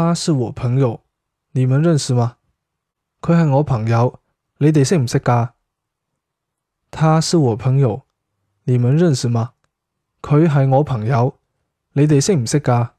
他是我朋友，你們認識嗎？佢係我朋友，你哋識唔識㗎？他是我朋友，你們認識嗎？佢係我朋友，你哋識唔識㗎？